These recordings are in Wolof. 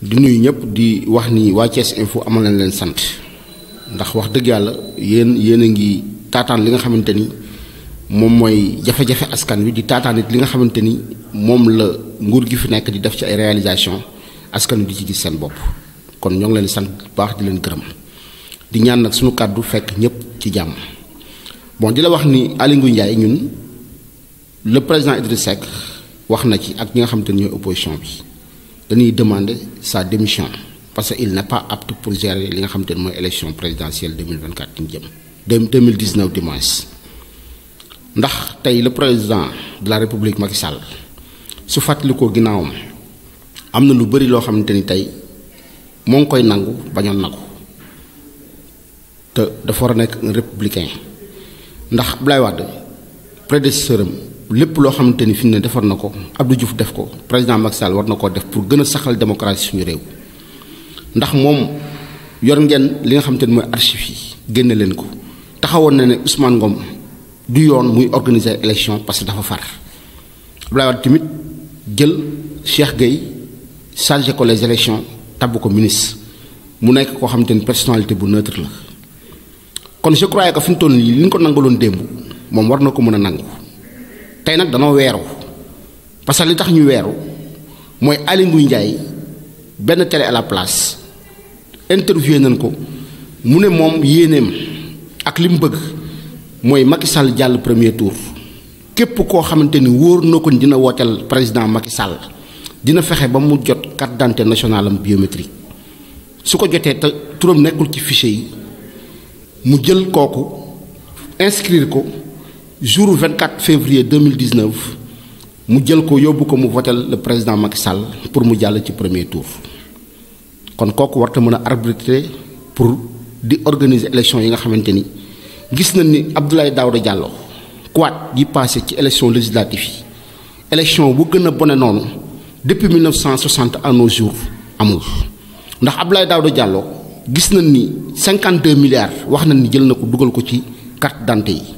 di nuyu ñëpp di wax ni waa Thiès Info amal nañ leen sant ndax wax dëgg yàlla yéen yéen a ngi taataan li nga xamante ni moom mooy jafe askan wi di taataan li nga xamante ni moom la nguur gi fi nekk di def ci ay réalisation askan wi di ci gis seen bopp kon ñoo ngi leen sant bu baax di leen gërëm di ñaan nag suñu kàddu fekk ñëpp ci jàmm bon di la wax ni Aly Ngouille Ndiaye ñun le président Idriss Seck wax na ci ak ñi nga xamante ni ñooy opposition bi dañuy demandé sa démission parce qu'il n'est pas apte pour gérer li nga xam te élection présidentielle 2024 di ñu jëm 2019 dimanche ndax tey le président de la république Macky Sall su fàttalikoo ginnaawam am na lu bëri loo xamante ni tey moo ngi koy nangu bañoon na te dafa war a nekk un républicain ndax Abdoulaye Wade prédécesseur lépp loo xamante ni fi mu ne defar na ko Abdou Diouf def ko président Macky Sall war na koo def pour gën a saxal démocratie suñu réew ndax moom yor ngeen li nga xamante ni mooy archives yi génne leen ko taxawoon na ne Ousmane Ngom du yoon muy organiser élection parce que dafa far Abdoulaye Wade tamit jël Cheikh Gueye chargé ko les élections ko ministre mu nekk koo xamante ni personnalité bu neutre la kon je crois que fi mu toll nii li ñu ko nangaloon démb moom war na ko mën a nangu. tay nak weru, wéru parce que li tax ñu wéru moy ali Ngouille ndjay ben télé à la place interviewé nañ ko mu ne moom yéeneem ak lim bëgg moy Macky Sall jall premier tour képp koo xamante ni wóor na ko dina wooteel président Macky Sall dina fexe ba mu jot carte d'identité nationale am biométrique su ko jotee te turam nekkul ci fichier yi mu jël kooku inscrire ko jour 24 février 2019 mu jël ko yóbbu ko mu le président Macky Sall pour mu jàll ci premier tour kon kooku warta mën a arbitrer pour di organiser élection yi nga xamante ni gis nañ ni Abdoulaye Daouda Diallo quoi yi passé ci élection législative yi élection bu gën a bone noonu depuis 1960 à nos jours amul ndax Abdoulaye Daouda Diallo gis nañ ni 52 milliards wax nañ ni jël na ko ko ci carte d'identité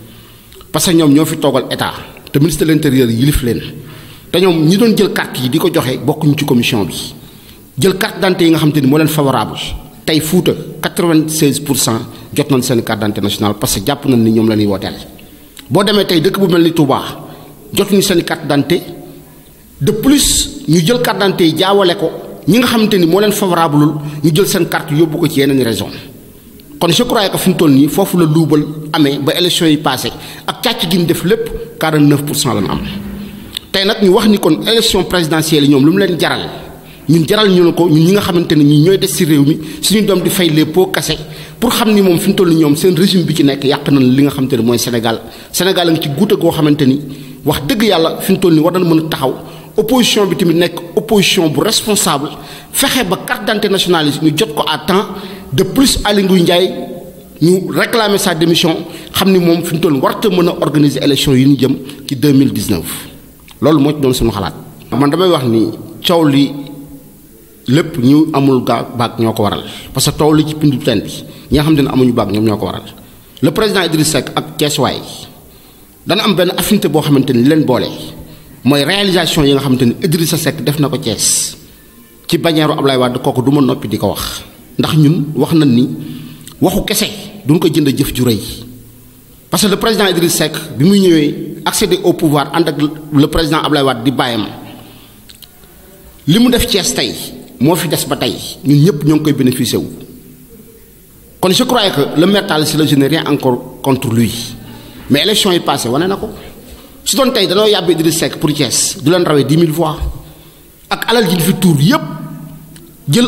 parce que ñoom ñoo fi toogal état te ministre de l'intérieur yilif leen te ñoom ñi doon jël carte yi di ko joxe ñu ci commission bi jël carte d'identité yi nga xam te ni moo leen favorable tey Fuuta 96 pour cent jot nañ seen carte d'identité nationale parce que jàpp nañ ni ñoom la ñuy wooteel boo demee tey dëkk bu mel ni Touba ñu seen carte d'identité de plus ñu jël carte d'identité yi jaawale ko ñi nga xam xamante ni moo leen favorableul ñu jël seen carte yóbbu ko ci yeneen raison kon je crois que fi mu toll nii foofu la luubal amé ba élection yi passé ak càcc gi def lepp 49 la am tey nak ñu wax ni kon élection présidentielle ñom lu mu leen jaral ñun jaral ñu ko ñun ñi nga xamante ñi ñoy des ci réew mi suñu dom di fay les pots cassés pour xamni mom moom fi mu toll régime bi ci nekk yàq nañ li nga xamante moy Sénégal Sénégal nga ci goute go xamante wax dëgg yalla fi mu toll war na mëna taxaw opposition bi tamit nekk opposition bu responsable fexé ba carte d'identité nationale ñu jot ko à temps de plus Aly Ngouille Ndiaye ñu réclamer sa démission xamni ni moom fi ñu toll warta mën organiser élection yi ñu jëm ci 2019 loolu moo ci doon suñu xalaat man damay wax ni coow li lépp ñu amul gaa baag ñoo ko waral parce que coow ci pindu teen bi ñi nga xam ne amuñu baag ñoom ñoo ko waral le président Idriss Seck ak Thiessois dana am benn affinité boo xamante ni leen boole mooy réalisation yi nga xamante ni Idrissa Seck def na ko Thiès ci bannière Ablaye Wade kooku du ma noppi di ko wax ndax ñun wax nañ parce que le président Idriss Seck bi muy au pouvoir ànd le président Ablaye Wade di qui li def Thiès tey moo fi des ba ñun je que le maire encore contre lui mais élection est passé wane na ko su doon Idriss pour Thiès du leen rawee voix ak alal ji fi jël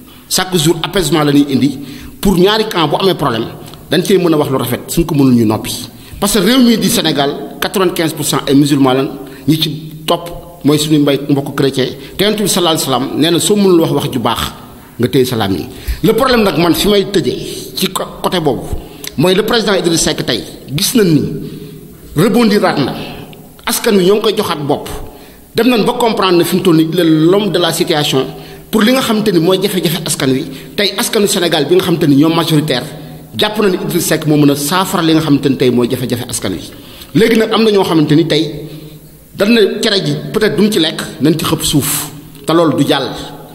chaque jour apaisement la indi pour ñaari camp bu amé problème dañ cey mëna a wax lu rafet suñ ko parce que réew mi Sénégal 95 est musulman lan ñi ci top moy suñu mbay mbok chrétien te sallallahu alayhi wasallam nee na soo wax wax ju le problème nak man ci côté le président Idriss Seck tay gis nañ ni rebondiraat na askan wi ñong koy dem nañ ba comprendre l'homme de la situation pour li nga xamante ni mooy jafe-jafe askan wi tey askanu Sénégal bi nga xamante ni ñoom majoritaire jàpp na ni Idriss Seck moo mën a saafara li nga xamante ni tey mooy jafe-jafe askan wi léegi nag am na ñoo xamante ni tey dan na cere ji peut-être duñ ci lekk nañ ci xëpp suuf te loolu du jàll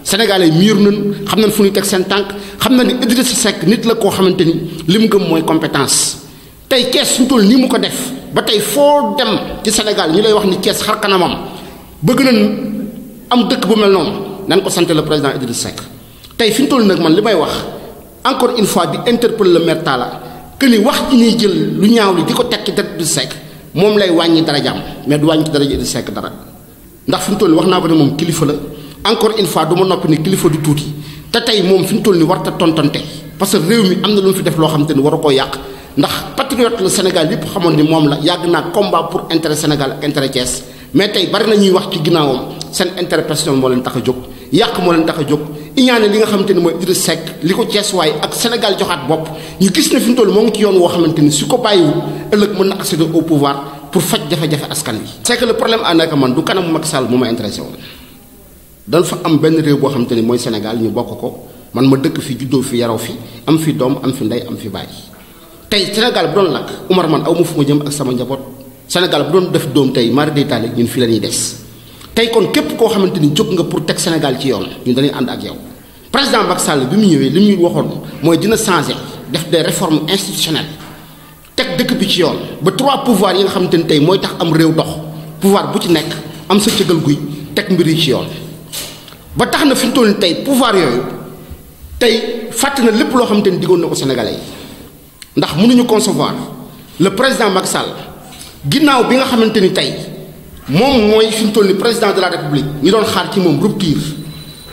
sénégalais miir na xam na nañ fu ñuy teg seen tànk xam na ni Idrissa sekk nit la koo xamante ni li mu gëm mooy compétence tey Thiès suñu toll nii mu ko def ba tey foo dem ci Sénégal ñu lay wax ni Thiès xar kanamam bëgg nañ am dëkk bu mel noonu nan ko sante le président Idriss Seck tay fiñ tol nak man limay wax encore une fois di interpeller le maire Tala que ni wax ni jël lu ñaaw li di ko tekki dara Idriss Seck mom lay wañi dara jam mais du wañi dara Idriss Seck dara ndax fiñ tol wax na ko ne mom kilifa la encore une fois duma nopi ni kilifa du ta tay mom fiñ tol ni ni ta tontonté parce que rew mi amna lu fi def lo xamanteni ni war ko yak enter ndax patriote le Sénégal yëpp xamone ni mom la yag na combat pour intérêt Sénégal intérêt Thiès mais tay bari na ñuy wax ci sen intérêt personnel leen yàq moo leen tax a jóg iñaane li nga xamante ni mooy Idriss Seck li ko ceesuwaay ak Sénégal joxaat bopp ñu gis ne fi mu toll moo ngi ci yoon woo xamante ni su ko bàyyiwu ëllëg mën na accéder au pouvoir pour faj jafe-jafe askan wi. c'est que problème à nekk man du kanamu Macky Sall mu ma intéressé woon dañ fa am benn réew boo xamante ni mooy Sénégal ñu bokk ko man ma dëkk fi juddoo fi yaraw fi am fi doom am fi ndey am fi baay tey Sénégal bu doon lakk Umar man aw ma fu ma jëm ak sama njaboot Sénégal bu doon def doom tey mara day taale ñun fii la ñuy des. tey kon képp koo xamante ni jóg nga pour teg Sénégal ci yoon ñun dañuy ànd ak yow président Macky Sall bi mu ñëwee li muy waxoon mooy dina changé def des réforme institutionnelles teg dëkk bi ci yoon ba trois pouvoir yi nga xamante ni tey mooy tax am réew dox pouvoir bu ci nekk am sa cëgal guy teg mbir yi ci yoon ba tax na fi mu toll tey pouvoir yooyu tey fàtte na lépp loo xamante ni diggoon na ko Sénégalais yi ndax mënuñu concevoir le président Macky Sall ginnaaw bi nga xamante ni tey. moom mooy fi mu toll ni président de la république ñu doon xaar ci moom rupture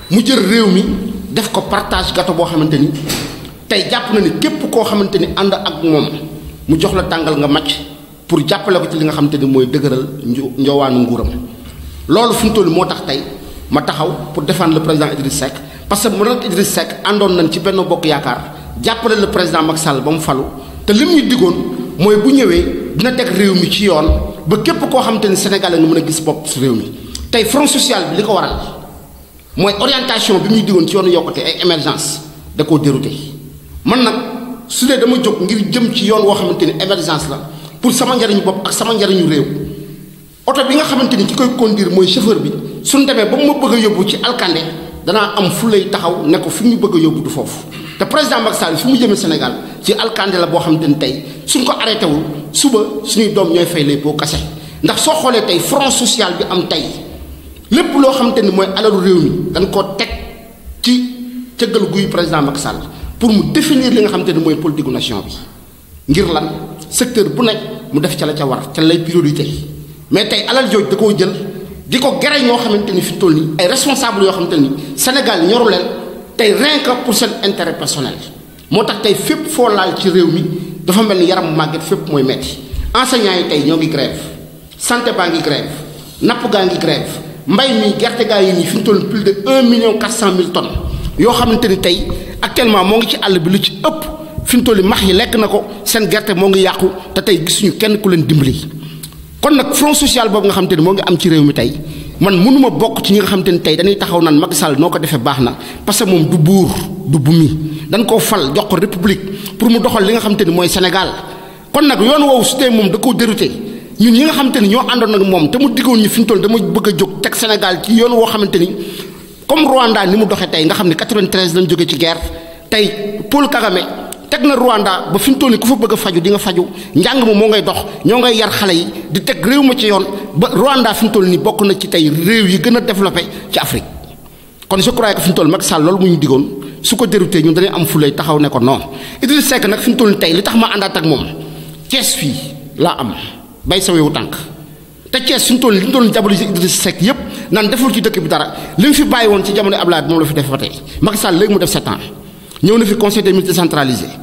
mu jël réew mi def ko partage gato boo xamante ni tey jàpp na ni képp koo xamante ni ànd ak moom mu jox la tàngal nga màcc pour jàppale ko ci li nga xamante ni mooy dëgëral njowaanu nguuram loolu fi mu toll moo tax tey ma taxaw pour défendre le président Idriss Seck parce que mu nekk Idriss Seck àndoon nañ ci benn bokk yaakaar jàppale le président Macky Sall ba mu falu te lim ñu diggoon mooy bu ñëwee dina teg réew mi ci yoon. ba képp koo xamante ni sénégalais nu mën a gis bopp su réew mi tey front social bi li ko waral mooy orientation bi muy digoon ci yoonu yokkute ay émergence da koo dérouté man nag su dee dama jóg ngir jëm ci yoon woo xamante ni émergence la pour sama njariñu bopp ak sama njariñu réew oto bi nga xamante ni ki koy conduire mooy chauffeur bi suñ demee ba ma bëgg a yóbbu ci alkande danaa am fu lay taxaw ne ko fi mu bëgg a yóbbu du foofu te président Macky Sall fi mu jëmee Sénégal ci alkande la boo xam ne tey suñ ko arrêté wul suba suñuy doom ñooy fay les pots cassés ndax soo xoolee tey front sociale bi am tey lépp loo xamante ni mooy alalu réew mi dañ koo teg ci cëggal guy président Macky Sall pour mu définir li nga xamante ni mooy politique nation bi ngir lan secteur bu nekk mu def ci la ca war ca lay priorité mais tey alal jooju da koo jël di ko gere ñoo xamante ni fi toll nii ay responsable yoo xamante ni Sénégal ñoru leen tey rien pour seen intérêt personnel. moo tax tey fépp foo laal ci réew mi dafa mel ni yaram màgget fépp mooy metti enseignants yi tey ñoo ngi grève santé baa ngi grève napp gaa ngi grève mbay mi gerte gaa yi nii fi mu toll plus de un million quatre cent mille tonnes yoo xamante ni tey actuellement moo ngi ci àll bi lu ci ëpp fi mu toll max yi lekk na ko seen gerte moo ngi yàqu te tey gisuñu kenn ku leen dimbali kon nag front social boobu nga xamante ni moo ngi am ci réew mi tey. man munuma bok ci ñi nga xam te dañuy taxaw naan Macky Sall noko defé baxna parce que mom du bour du bumi dañ ko fal jox ko république pour mu doxal li nga xamanteni moy Sénégal kon nak yoon woowu su tey da ko dérouté ñun ñi nga te ni ak te mu diggoon ñu fiñ tol dama bëgg a tek Sénégal ci yoon wo xamanteni comme Rwanda ni mu doxé tay nga xamni 93 lañ joggé ci guerre tay Paul Kagame tek na Rwanda ba fim toni ku fa bëgg faju di nga faju njang ma mo ngay dox ño ngay yar xalé yi di tek réew ma ci yoon ba Rwanda fim mu toll nii bokk na ci tey réew yi gëna a développé ci Afrique kon je crois que fim mu toll Macky Sall loolu mu ñu digoon su ko dérouté ñun dañuy am fulay taxaw ne ko non idul sek nak fim toll tey li tax ma andat ak mom ties fi la am bay sa wewu tànk te ties fim mu toll li doon jabul ci idul sek yépp nan deful ci dëkk bi dara lim fi bayiwon ci jamono ablad moom la fi def ba tey Macky mu def 7 ans ñew na fi conseil des ministres centralisés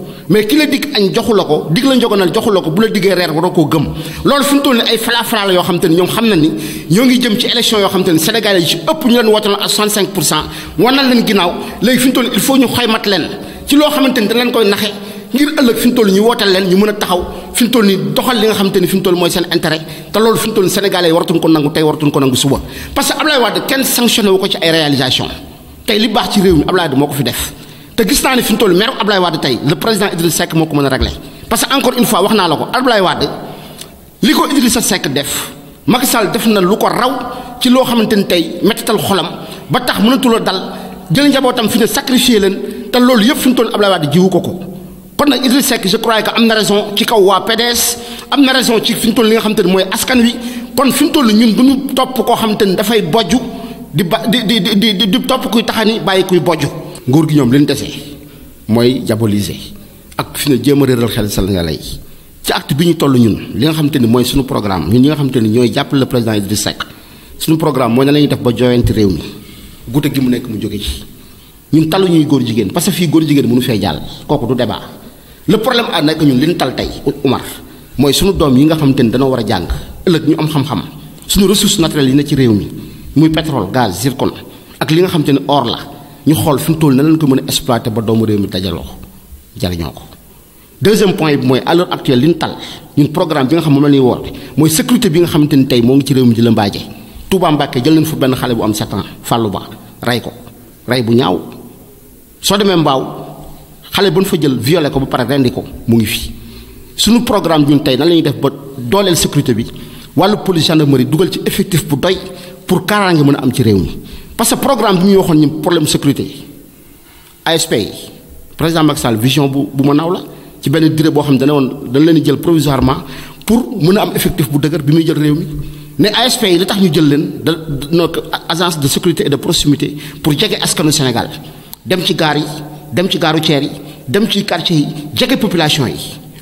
mais ki la dig añ joxulako la ko dig la njogonal joxu bu la diggee rer waroo koo gëm loolu fi mu ay fala fala yo xam te ni xam na ni ñoo ngi jëm ci élection yo xam te ni Sénégal yi ci ëpp ñu leen wootaloon ak 65 pour cent war na leen ginnaaw léegi fi mu il faut ñu xaymat leen ci lo xamante ni dañ leen koy naxé ngir ëlëk fi mu ñu wootal leen ñu mëna taxaw fi mu toll doxal li nga xamante ni fi mu toll mooy seen intérêt te lolou fi mu toll Sénégalais yi waratuñ ko nangu tay waratuñ ko nangu suba parce que Ablaye Wade ken sanctionné wu ko ci ay réalisation tay li baax ci réew mi Ablaye Wade ko fi def te gis naa ne fi mu toll meeru Ablaye Wade tey le président Idriss Seck moo ko mën a réglé parce que encore une fois wax naa la ko Ablaye Wade li ko Idrissa Seck def Macky Sall def na lu ko raw ci loo xamante ni tey mettital xolam ba tax mënatuloo dal jël njabootam fi ne sacrifié leen te loolu yëpp fi mu toll Ablaye Wade jiwu ko ko kon nag Idriss Seck je crois que am na raison ci kaw waa PDS am na raison ci fi mu toll li nga xamante ni mooy askan wi kon fi toll ñun du ñu topp koo xamante ni dafay bojj di ba di di di di topp kuy taxani bàyyi kuy bojj. nguur gi ñoom li ñu desee mooy diaboliser ak fi ne jéem a réeral xel Sénégalais yi ci acte bi ñu toll ñun li nga xamante ni mooy suñu programme ñun ñi nga xamante ni ñooy jàppale le président Idriss Seck suñu programme mooy na lañuy def ba jooyante réew mi gute gi mu nekk mu jóge ci ñun talu ñuy góor jigéen parce que fii góor jigéen munu fee jàll kooku du débat le problème à nekk ñun li ñu tal tey Umar mooy suñu doom yi nga xamante ni dañoo war a jàng ëllëg ñu am xam-xam suñu ressource naturelle yi na ci réew mi muy pétrole gaz zircon ak li nga xamante ni or la ñu xool fi mu na leen ko mën a exploité ba doomu réew mi dajaloo jariñoo ko deuxième point bi mooy à l'heure actuelle li ñu tal ñun programme bi nga xam moom la ñuy woote mooy sécurité bi nga xamante ni tey moo ngi ci réew mi di la mbaaje Touba Mbacke jël nañ fa benn xale bu am sept ans Ba rey ko rey bu ñaaw soo demee mbaaw xale bu nu fa jël violé ko ba pare rendi ko mu ngi fii suñu programme ñun tey nan la ñuy def ba dooleel sécurité bi wàllu police gendarmerie dugal ci effectif bu doy pour kaaraange mën a am ci réew mi parce que programme bi ñuy waxoon ñu problème sécurité ASP président Macky Sall vision bu bu ma naaw la ci benn dire bo xam ne dana dañ leen jël provisoirement pour mëna am effectif bu dëgër bi muy jël réew mi ne ASP yi li tax ñu jël leen donc agence de sécurité et de proximité pour jege askanu Sénégal dem ci gaar yi dem ci gaaru ceer yi dem ci quartier yi jege population yi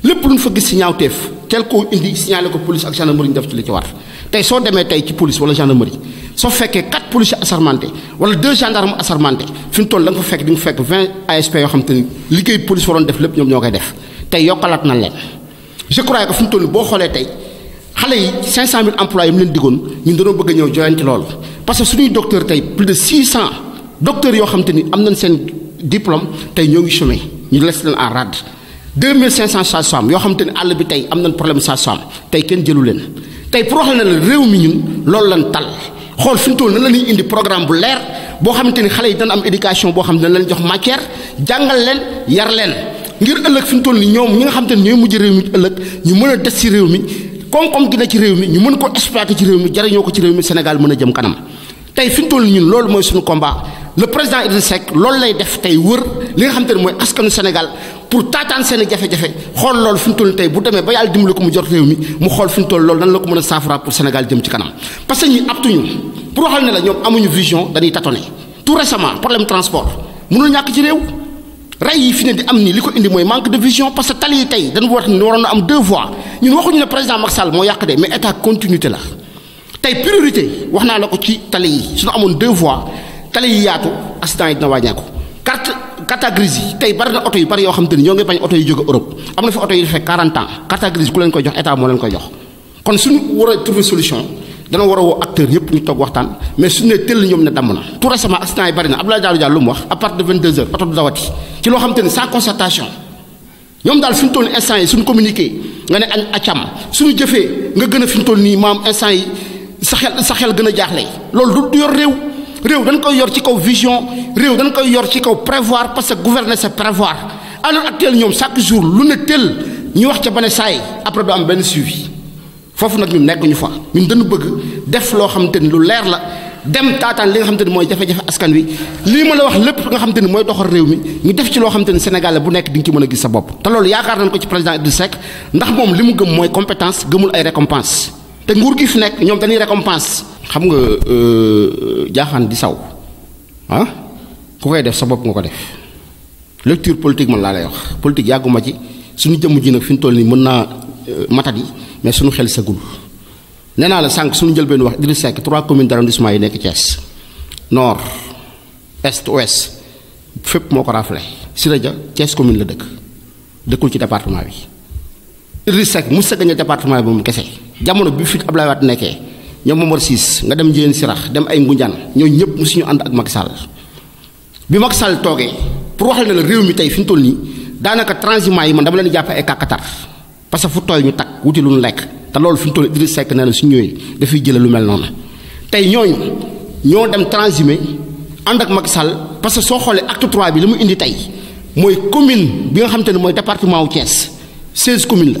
lepp luñu ñu fa gis si ñaawteef teel koo indi signalé ko police ak gendarmerie def ci li ci war tay soo démé tay ci police wala gendarmerie soo fekkee quatre policiers assermentés wala deux gendarmes assermentés fi ton toll da nga fa fekk di fekk vingt ASP yo xam tane ni liggéey police waroon def lepp ñom ñokay def tay yokalat na leen je crois que fi ton bo xolé tay tey xale yi cinq cent mille emplois yi mu leen diggoon ñun dañoo bëgg ñew ñëw joyanti lool parce que suñu docteur tay plus de 600 cent docteurs yoo xam tane ni am nañ seen diplôme tay ñoo ngi chômé ñu les len en rade 2500 sages-femmes yoo xam tane all bi tay am nañ problème sages-femmes tay kenn jëlu leen tey pour wax na ne réew mi ñun lool lan tal xool fi mu toll nan la ñuy indi programme bu leer boo xamante ni xale yi dana am éducation boo xam ne dana leen jox matière jàngal leen yar leen ngir ëllëg fi mu toll nii ñoom ñi nga xam te ne ñooy mujj réew mi ëllëg ñu mën a des ci réew mi koom-koom ci réew mi ñu mën ko exploité ci réew mi jariñoo ko ci réew mi Sénégal mën a jëm kanam tey fi mu toll ñun loolu mooy suñu komba le président Idrissa Seck loolu lay def tey wër li nga xam te ne mooy askanu Sénégal pour taataan seen jafé jafé xol lol loolu fi mu bu démé ba yalla dimbali ko mu jot réew mi mu xol fi mu toll nan la ko mën a pour Sénégal jëm ci kanam parce que ñi ñu pour waxal né la ñom amuñu vision dañuy tatoné tout récemment problème transport mënul ñak ci réew rey yi fi ne di am nii li indi moy manque de vision parce que tali yi tey dañu war ni waroon am deux voies ñun ñu ne président Macky Sall mo yak dé mais état continuité la tay priorité wax naa la ko ci tali yi suñu amone deux voies tali yi yaatu accident yi dina wàññeeku carte grise yi tey bari na oto yu bari yoo xam te ni ñoo ngi bañ oto yu jóge Europe am na fi oto yu defee 40 ans carte ku leen koy jox état moo leen koy jox kon suñu war a trouver solution dana war a woo acteurs ñu toog waxtaan mais suñu nee tëll ñoom ne damm na tout récemment accident yi bari na Abdoulaye Diallo Diallo lu mu wax à partir de 22 heures oto du dawati ci loo xam te ni sans ñoom daal fi instant yi suñu communiqué du yor réew réew dañ koy yor ci kaw vision réew dañ koy yor ci kaw prévoir parce que gouverner c'est prévoir alors actuel ñom chaque jour lu ne tel ñu wax ci bané say après do am ben suivi fofu nak ñun nekk ñu fa ñun dañu bëgg def lo xamanteni lu leer la dem taataan li nga xamanteni moy mooy jafe askan wi li ma la wax lepp nga xamanteni moy doxal réew mi ñu def ci lo xamanteni Sénégal bu nekk di ci mëna gis sa bop te lolu yaakaar nañ ko ci président Idrissa Seck ndax mom limu gëm moy compétence gëmul ay récompense té nguur gi fi nekk ñom dañuy récompense xam nga euh, jaaxaan di saw ah ku koy def sa bopp nga ko def lecture politique man laa lay wax politique yàgguma ci suñu jëmm ji nag fi mu toll nii mën naa euh, matat yi mais suñu xel sagul nee naa la sànq suñu njëlbeen wax Idrissa Seck trois communes d'arrondissement yi nekk Thiès nord est ouest fépp moo ko rafle Siré Dia Thiès commune la dëkk dëkkul ci département bi Idrissa Seck mu sa gañ département bi moom kese jamono bi fi Abdoulaye Wade nekkee ñom mo mor Sis nga dem jeen Sirax dem ay ngunjan Ngunjaan ñep mu suñu and ak Macky Sall bi Macky Sall toogee pour waxal na la réew mi tay fiñ tol ni danaka daanaka transiment yi man dama leen jàppe ay kakatar parce que fu toy ñu tak wuti lu ñu lekk te loolu fi mu toll Idriss Seck nee na su ñëwee dafay jële lu mel non tay ñooñu ñoo dem transimer and ak Macky Sall parce que soo xoolee acte 3 bi li mu indi tay moy commune bi nga xam moy département wu Thiès 16 communes la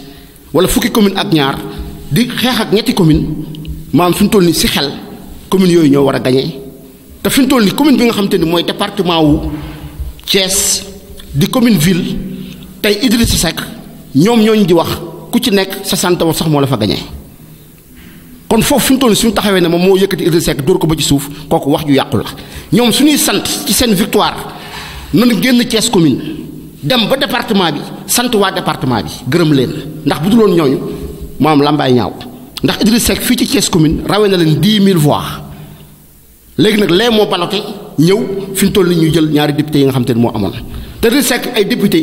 wala fukki commune ak ñaar di xeex ak ñetti commune maam fi mu toll ni si xel commune yooyu ñoo war a gañee te fi toll ni commune bi nga xamante ni mooy département wu Thiès di commune ville tey Idrissa Seck ñoom ñooñu di wax ku ci nekk sa sant sax moo la fa gañee kon foofu fi mu toll suñu taxawee ne moom moo yëkkati Idrissa Seck dóor ko ba ci suuf kooku wax ju yàqu la ñoom suñuy sant ci seen victoire nan génn Thiès commune dem ba département bi sant waa département bi gërëm leen ndax bu duloon ñooñu maam làmbaay ñaaw ndax Idriss sekk fii ci Thiès commune rawee na leen dix mille voix léegi nag lee moo balote ñëw fi ñu toll nii ñu jël ñaari député yi nga xam te ne moo amoon te Idriss Seck ay député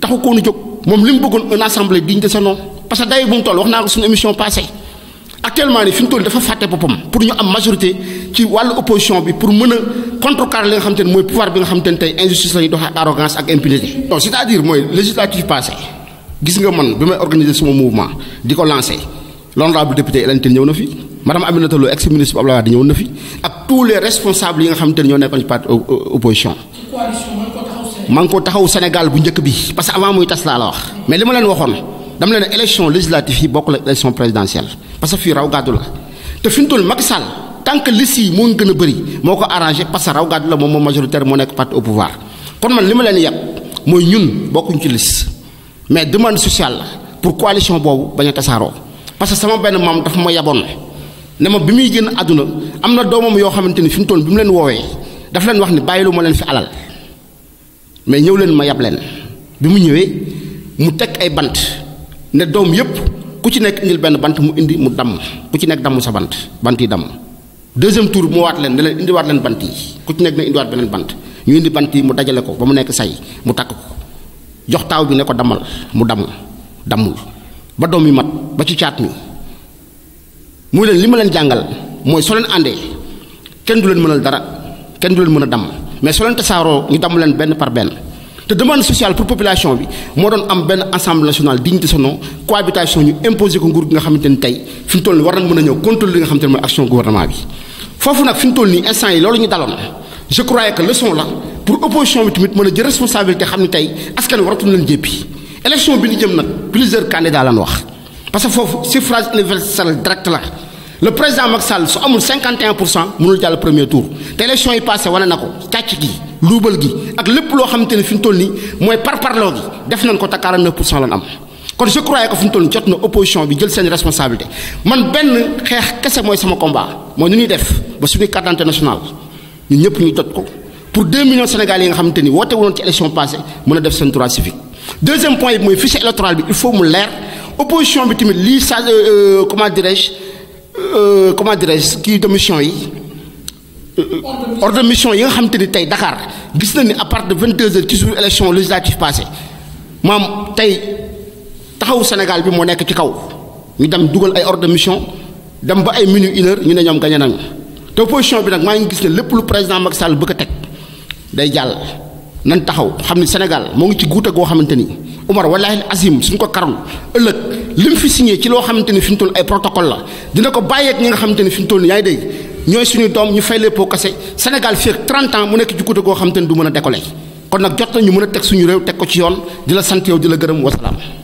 taxu koonu jóg moom li mu bëggoon un assemblée digne de son nom parce que day bu mu toll wax naa ko suñu émission passée actuellement ni fi mu dafa faté boppam pour ñu am majorité ci wàllu opposition bi pour mëna a contrecarrer li nga xam te pouvoir bi nga xam te ne injustice la ñuy arrogance ak impunité. non c'est-à-dire moy législatif passé gis nga man bima may organiser suma mouvement diko lancer lancé l'honorable député Hélène Tine na fi madame Aminata Lo ex ministre bu Abdoulaye Wade na fi ak tous les responsables yi nga xam te ne ñoo nekkoon ci parti euh, euh, opposition. maa ngi ko taxaw Sénégal bu njëkk bi parce que avant moy tas la wax. mais li ma leen waxoon dama leen élection législative yi bokk la élection présidentielle parce que fii raw gàddu la te fi mu Macky Sall tant que liste yi moo gën a bëri moo arrangé parce que raw gàddu la moom majoritaire moo nekk parti au pouvoir kon man li ma leen yàpp mooy ñun bokkuñ ci liss mais demande sociale la pour coalition bobu baña tassaro parce que sama ben mam daf ma yaboon ne ma bi muy génn àdduna am na doomam yoo xamante ni fi mu toll leen woowee daf leen wax ni bayilu mo leen fi alal mais ñew leen ma yab leen bimu ñewé mu tek ay bant ne dom yépp ku ci nek indil ben bant mu indi mu dam ku ci nek damu sa bant banti dam deuxième tour mu wat len ne indi wat len bant Yu ku ci nekk na wat benen bant ñu indi banti mu dajale ko ba mu nek say mu tak ko jox taw bi ne ko damal mu dam dammul ba doom mat ba ci chat mi mu len lima len jangal moy so len andé kenn du len mënal dara kenn du len dam mais so len tassaro ñu dam len ben par ben te demande sociale pour population bi moo doon am benn assemblée nationale digne de son nom cohabitation ñu imposé ko nguur gi nga xamante ni tey fi mu toll nii war nañ ñëw contrôler li nga xamante ne action gouvernement bi. foofu nag fi mu toll nii instant yi loolu ñu daloon je croyais que leçon la pour opposition bi tamit mën a responsabilité xam ne tey askan wi waratuñu leen jéppi élection bi ñu jëm plusieurs candidats lañ wax parce que ces phrases universel direct la. le président Macky Sall su amul 51 pour cent mënul premier tour te élection yi passé wane Nako. ko gi luubal gi ak lepp lo de ne fi mu par nii mooy gi def nañ ko 49 lan am kon je croyais que fi tolni toll jot na opposition bi jël sen responsabilité man moi xeex kese moy sama combat moy ñu ñuy def ba suñu carte d'identité nationale ñun ñëpp ñu jot ko pour 2 millions Sénégalais yi nga xamante ni woote woon ci élection passée mëna def sen droit civique. deuxième point moy fichier électoral bi il faut mu opposition bi tu euh, me euh, comment dirais-je euh, comment dirais-je de démission yi. Euh, euh, ordre de yi nga xam te ni tey dakaar gis na ni à partir de vingt deux heures ci suñu élection législative passée maam tey taxawu Sénégal bi moo nekk ci kaw ñu dem dugal ay ordre dem ba ay minutes une ñu ne ñoom gañe nañu te opposition bi nag maa ngi gis ne lépp lu président Macky Sall bëgg a teg day jàll nan taxaw xam ni Sénégal moo ngi ci guuta goo xamante ni Umar wallahi azim suñ ko karoon ëllëg lim fi signé ci loo xamante ni fi mu toll ay protocole la dina ko bàyyeeg nga xamante ni fi toll yaa ngi dégg ñooy suñu doom ñu fay leen pour kase Sénégal fii ak 30 ans mu nekk ci guddi goo xam te ne du mën a décoller kon nag jot na ñu mën a teg suñu réew teg ko ci yoon di la sant yow di la gërëm wasalaam.